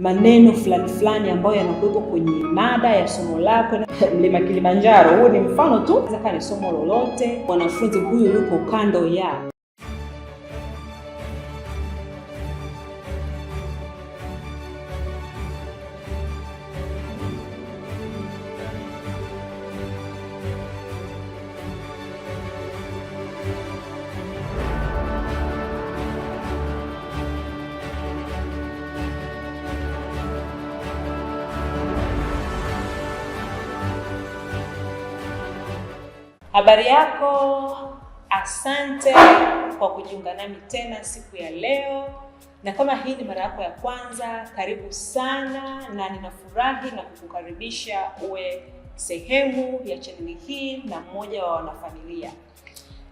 maneno fulani fulani ambayo yanakuwepo kwenye mada ya somo lako. Mlima Kilimanjaro, huu ni mfano tu, inaweza kuwa ni somo lolote. Mwanafunzi huyu yuko kando ya Habari yako? Asante kwa kujiunga nami tena siku ya leo, na kama hii ni mara yako ya kwanza, karibu sana, na ninafurahi na kukukaribisha uwe sehemu ya chaneli hii na mmoja wa wanafamilia.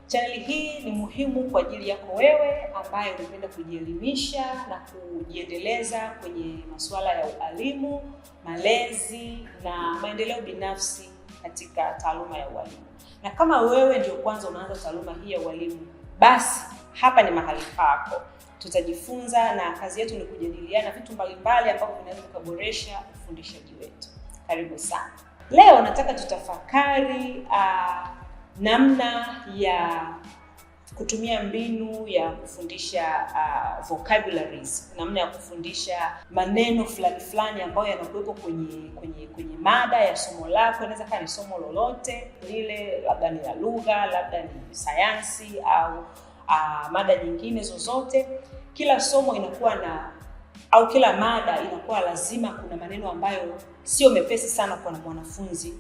Chaneli hii ni muhimu kwa ajili yako wewe ambaye unapenda kujielimisha na kujiendeleza kwenye masuala ya ualimu, malezi na maendeleo binafsi katika taaluma ya ualimu. Na kama wewe ndio kwanza unaanza taaluma hii ya ualimu, basi hapa ni mahali pako. Tutajifunza na kazi yetu ni kujadiliana vitu mbalimbali ambavyo vinaweza kuboresha ufundishaji wetu. Karibu sana. Leo nataka tutafakari uh, namna ya kutumia mbinu ya kufundisha uh, vocabularies, namna ya kufundisha maneno fulani fulani ambayo yanakuwepo kwenye kwenye kwenye mada ya somo lako. Inaweza kaa ni somo lolote lile, labda ni la lugha, labda ni sayansi au uh, mada nyingine zozote. Kila somo inakuwa na au kila mada inakuwa lazima kuna maneno ambayo sio mepesi sana kwa mwanafunzi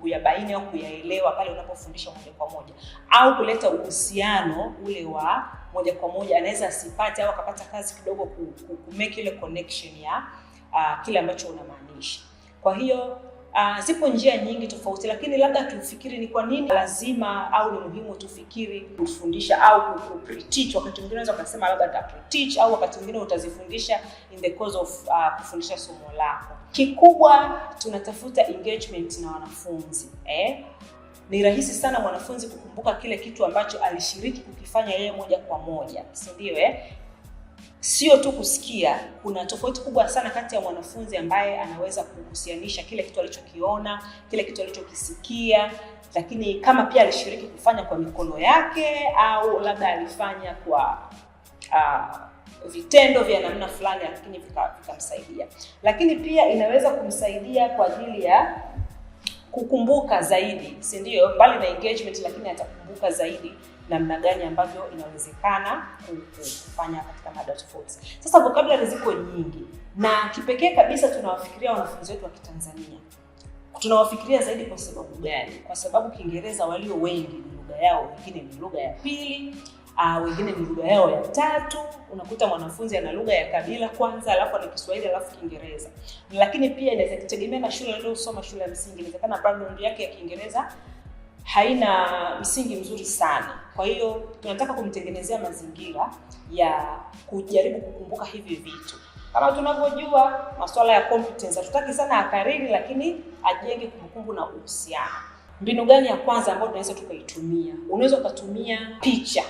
kuyabaini au kuyaelewa pale unapofundisha moja kwa moja, au kuleta uhusiano ule wa moja kwa moja, anaweza asipate au akapata kazi kidogo ku, ku, ku make ile connection ya uh, kile ambacho unamaanisha. Kwa hiyo Uh, zipo njia nyingi tofauti, lakini labda tufikiri ni kwa nini lazima au ni muhimu tufikiri kufundisha au kupreach. Wakati mwingine unaweza ukasema labda utapreach au wakati mwingine utazifundisha in the course of uh, kufundisha somo lako. Kikubwa tunatafuta engagement na wanafunzi eh? Ni rahisi sana mwanafunzi kukumbuka kile kitu ambacho alishiriki kukifanya yeye moja kwa moja, si ndio eh? sio tu kusikia. Kuna tofauti kubwa sana kati ya mwanafunzi ambaye anaweza kuhusianisha kile kitu alichokiona, kile kitu alichokisikia, lakini kama pia alishiriki kufanya kwa mikono yake au labda alifanya kwa uh, vitendo vya namna fulani, lakini vikamsaidia. Lakini pia inaweza kumsaidia kwa ajili ya kukumbuka zaidi, si ndio? Mbali na engagement, lakini atakumbuka zaidi namna gani ambavyo inawezekana kufanya katika mada tofauti. Sasa vocabulary ziko nyingi, na kipekee kabisa tunawafikiria wanafunzi wetu wa Kitanzania. Tunawafikiria zaidi kwa sababu gani? Kwa sababu Kiingereza walio wengi ni lugha yao, wengine ni lugha ya pili uh, wengine ni lugha yao ya tatu. Unakuta mwanafunzi ana lugha ya kabila kwanza, alafu ana Kiswahili, alafu Kiingereza. Lakini pia inaweza kutegemea na shule aliyosoma, shule ya msingi, inawezekana background yake ya Kiingereza haina msingi mzuri sana. Kwa hiyo tunataka kumtengenezea mazingira ya kujaribu kukumbuka hivi vitu. Kama tunavyojua masuala ya competence, hatutaki sana akariri, lakini ajenge kumbukumbu na uhusiano. Mbinu gani ya kwanza ambayo tunaweza tukaitumia? Unaweza ukatumia picha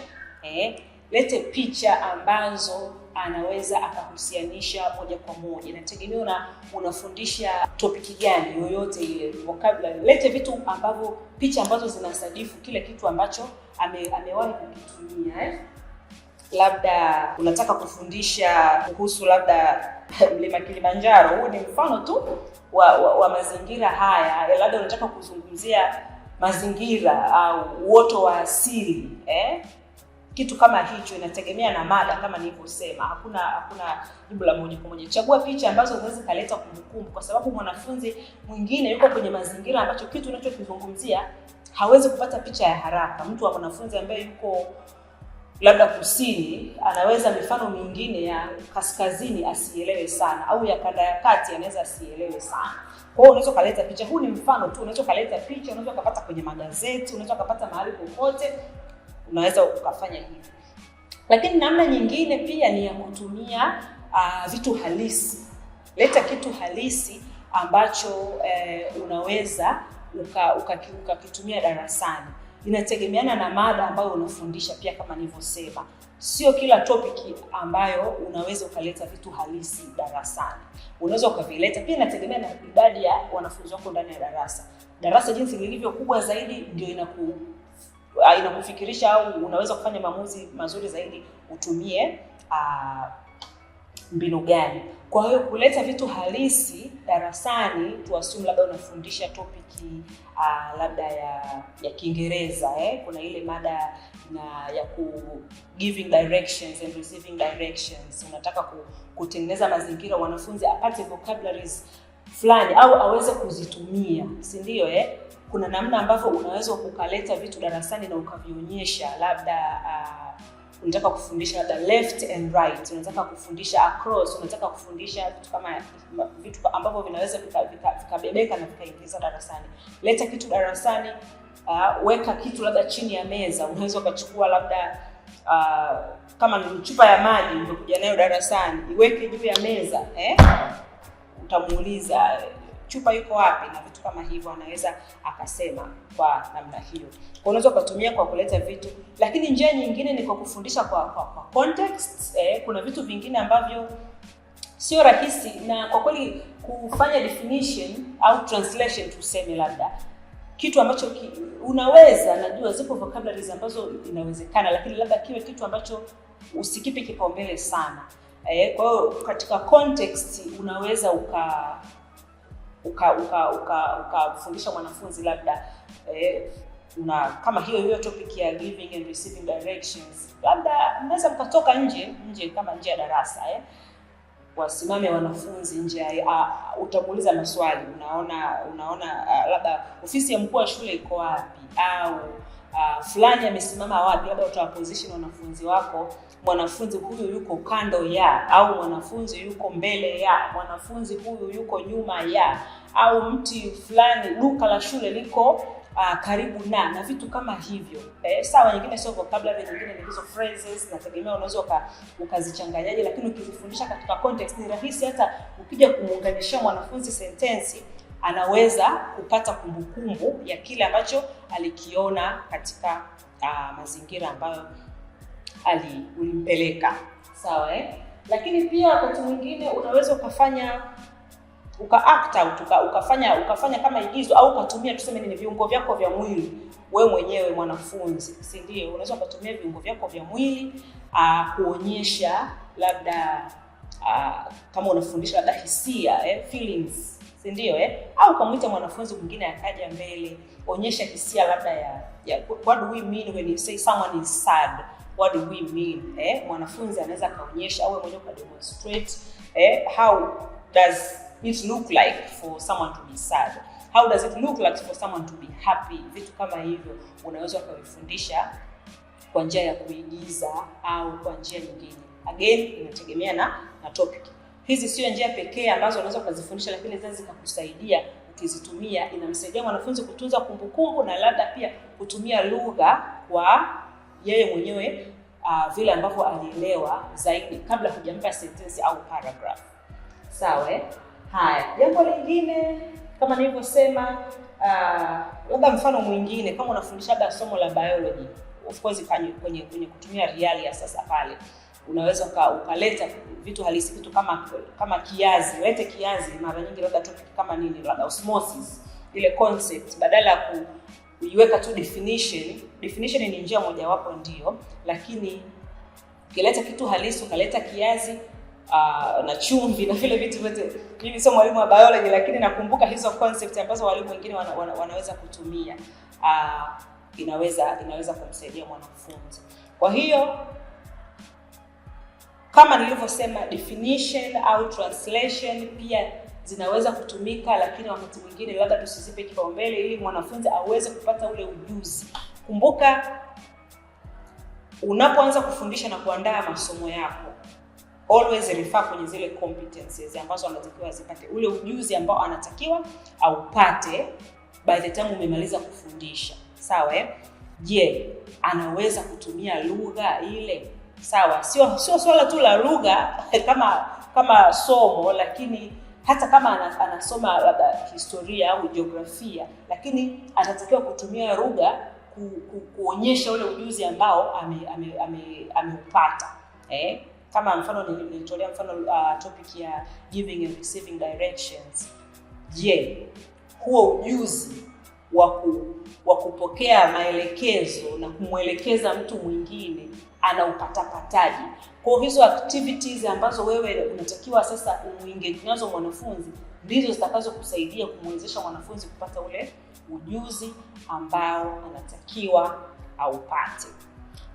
eh, lete picha ambazo anaweza akahusianisha moja kwa moja, nategemea una unafundisha topiki gani yoyote ile, vocabulary. Lete vitu ambavyo, picha ambazo zinasadifu kile kitu ambacho ame, amewahi kukitumia eh. Labda unataka kufundisha kuhusu labda mlima Kilimanjaro, huu ni mfano tu wa, wa, wa mazingira haya. Eh, labda unataka kuzungumzia mazingira au uoto wa asili eh kitu kama hicho inategemea na mada kama nilivyosema, hakuna hakuna jibu la moja kwa moja. Chagua picha ambazo unaweza kaleta kumbukumbu, kwa sababu mwanafunzi mwingine yuko kwenye mazingira ambacho kitu unachokizungumzia hawezi kupata picha ya haraka. Mtu wa mwanafunzi ambaye yuko labda kusini anaweza mifano mingine ya kaskazini asielewe sana, au ya kanda ya kati anaweza asielewe sana. Kwa hiyo unaweza kaleta picha, huu ni mfano tu, unaweza kaleta picha, unaweza kapata kwenye magazeti, unaweza kapata mahali popote unaweza ukafanya hivyo. Lakini namna nyingine pia ni ya kutumia uh, vitu halisi. Leta kitu halisi ambacho eh, unaweza ukakitumia uka, uka darasani. Inategemeana na mada ambayo unafundisha, pia kama nilivyosema, sio kila topic ambayo unaweza ukaleta vitu halisi darasani. Unaweza ukavileta pia, inategemea na idadi ya wanafunzi wako ndani ya darasa. Darasa jinsi lilivyo kubwa zaidi ndio inaku Ah, inakufikirisha au unaweza kufanya maamuzi mazuri zaidi utumie uh, mbinu gani. Kwa hiyo kuleta vitu halisi darasani, tuasumu labda unafundisha topiki uh, ah, labda ya ya Kiingereza eh? Kuna ile mada na ya ku giving directions and receiving directions, unataka kutengeneza mazingira wanafunzi apate vocabularies fulani au aweze kuzitumia, si ndio? Eh, kuna namna ambavyo unaweza ukaleta vitu darasani na ukavionyesha, labda uh, unataka kufundisha labda left and right, unataka kufundisha across, unataka kufundisha vitu kama vitu ambavyo vinaweza vikabebeka na vikaingiza darasani. Leta kitu darasani, uh, weka kitu labda chini ya meza, unaweza ukachukua labda uh, kama ni chupa ya maji umekuja nayo darasani, iweke juu ya meza eh? utamuuliza chupa yuko wapi na vitu kama hivyo, anaweza akasema kwa namna hiyo. Kwa unaweza ukatumia kwa kuleta vitu, lakini njia nyingine ni kwa kufundisha kwa, kwa, kwa context. Eh, kuna vitu vingine ambavyo sio rahisi na kwa kweli kufanya definition au translation tuseme, labda kitu ambacho ki, unaweza najua zipo vocabularies ambazo inawezekana, lakini labda kiwe kitu ambacho usikipe kipaumbele sana. Eh, kwa hiyo katika context unaweza uka ukafundisha uka, uka, uka mwanafunzi labda eh, una kama hiyo hiyo topic ya giving and receiving directions, labda mnaweza mkatoka nje nje kama nje ya darasa eh, wasimame wanafunzi nje, eh, ah, utamuuliza maswali. Unaona, unaona ah, labda ofisi ya mkuu wa shule iko wapi au Uh, fulani amesimama wapi, labda utawaposition wanafunzi wako mwanafunzi huyu yuko kando ya, au mwanafunzi yuko mbele ya, mwanafunzi huyu yuko nyuma ya, au mti fulani, duka la shule liko uh, karibu na na vitu kama hivyo eh, sawa. Nyingine sio vocabulary, nyingine ni hizo phrases, nategemea unaweza uka, ukazichanganyaje, lakini ukizifundisha katika context ni rahisi. Hata ukija kumuunganishia mwanafunzi sentensi, anaweza kupata kumbukumbu ya kile ambacho alikiona katika uh, mazingira ambayo ulimpeleka sawa eh? Lakini pia wakati mwingine unaweza ukafanya uka act out uka, ukafanya ukafanya kama igizo au ukatumia tuseme ni viungo vyako vya mwili we mwenyewe mwanafunzi, si ndio? Unaweza ukatumia viungo vyako vya mwili uh, kuonyesha labda uh, kama unafundisha labda hisia eh, feelings si ndio eh? Au kamwita mwanafunzi mwingine akaja mbele, onyesha hisia labda ya, ya what do we mean when you say someone is sad what do we mean eh? Mwanafunzi anaweza akaonyesha au mwenyewe ka demonstrate eh? How does it look like for someone to be sad? How does it look like for someone to be happy? Vitu kama hivyo unaweza ukavifundisha kwa njia ya kuigiza au kwa njia nyingine. Again, inategemea na na topic. Hizi sio njia pekee ambazo unaweza ukazifundisha, lakini zinaweza zikakusaidia ukizitumia. Inamsaidia mwanafunzi kutunza kumbukumbu na labda pia kutumia lugha kwa yeye mwenyewe uh, vile ambavyo alielewa zaidi kabla hujampa sentensi au paragraph. Sawa. Eh? Haya, jambo lingine kama nilivyosema, ah, labda uh, mfano mwingine kama unafundisha labda somo la biology, of course kwenye, kwenye kutumia reali ya sasa pale unaweza ukaleta vitu halisi, vitu kama kama kiazi. ulete kiazi mara nyingi, labda topic kama nini, labda osmosis, ile concept badala ya kuiweka tu definition. Definition ni njia mojawapo ndio, lakini ukileta kitu halisi, ukaleta kiazi Uh, na chumvi na vile vitu vyote. Mimi sio mwalimu wa biology, lakini nakumbuka hizo concept ambazo walimu wengine wana, wana, wanaweza kutumia uh, inaweza inaweza kumsaidia mwanafunzi. Kwa hiyo kama nilivyosema, definition au translation pia zinaweza kutumika, lakini wakati mwingine labda tusizipe kipaumbele ili mwanafunzi aweze kupata ule ujuzi. Kumbuka, unapoanza kufundisha na kuandaa masomo yako always refer kwenye zile competencies ambazo anatakiwa azipate, ule ujuzi ambao anatakiwa aupate by the time umemaliza kufundisha, sawa eh? Je, anaweza kutumia lugha ile? Sawa, sio sio swala tu la lugha kama kama somo, lakini hata kama anasoma labda historia au jiografia, lakini atatakiwa kutumia lugha ku, ku, kuonyesha ule ujuzi ambao ameupata ame, ame, ame eh? Kama mfano nilitolea mfano uh, topic ya giving and receiving directions. Je, huo ujuzi wa kupokea maelekezo na kumwelekeza mtu mwingine anaupatapataji. Kwa hizo activities ambazo wewe unatakiwa sasa umuengage nazo mwanafunzi ndizo zitakazokusaidia kumwezesha mwanafunzi kupata ule ujuzi ambao anatakiwa aupate.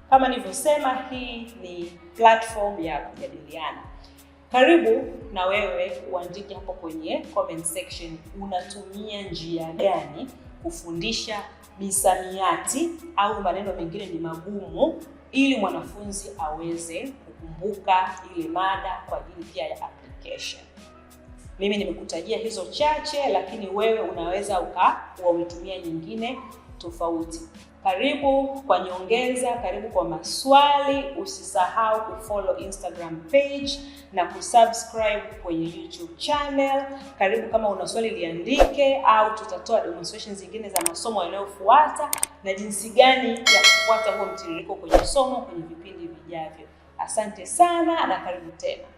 Kama nilivyosema, hii ni platform ya kujadiliana. Karibu na wewe uandike hapo kwenye comment section, unatumia njia gani kufundisha misamiati au maneno mengine ni magumu ili mwanafunzi aweze kukumbuka ile mada kwa ajili pia ya application. Mimi nimekutajia hizo chache, lakini wewe unaweza ukawa umetumia nyingine tofauti. Karibu kwa nyongeza, karibu kwa maswali. Usisahau kufollow Instagram page na kusubscribe kwenye YouTube channel. Karibu, kama una swali liandike, au tutatoa demonstrations zingine za masomo yanayofuata na jinsi gani ya kufuata huo mtiririko kwenye somo kwenye vipindi vijavyo. Asante sana na karibu tena.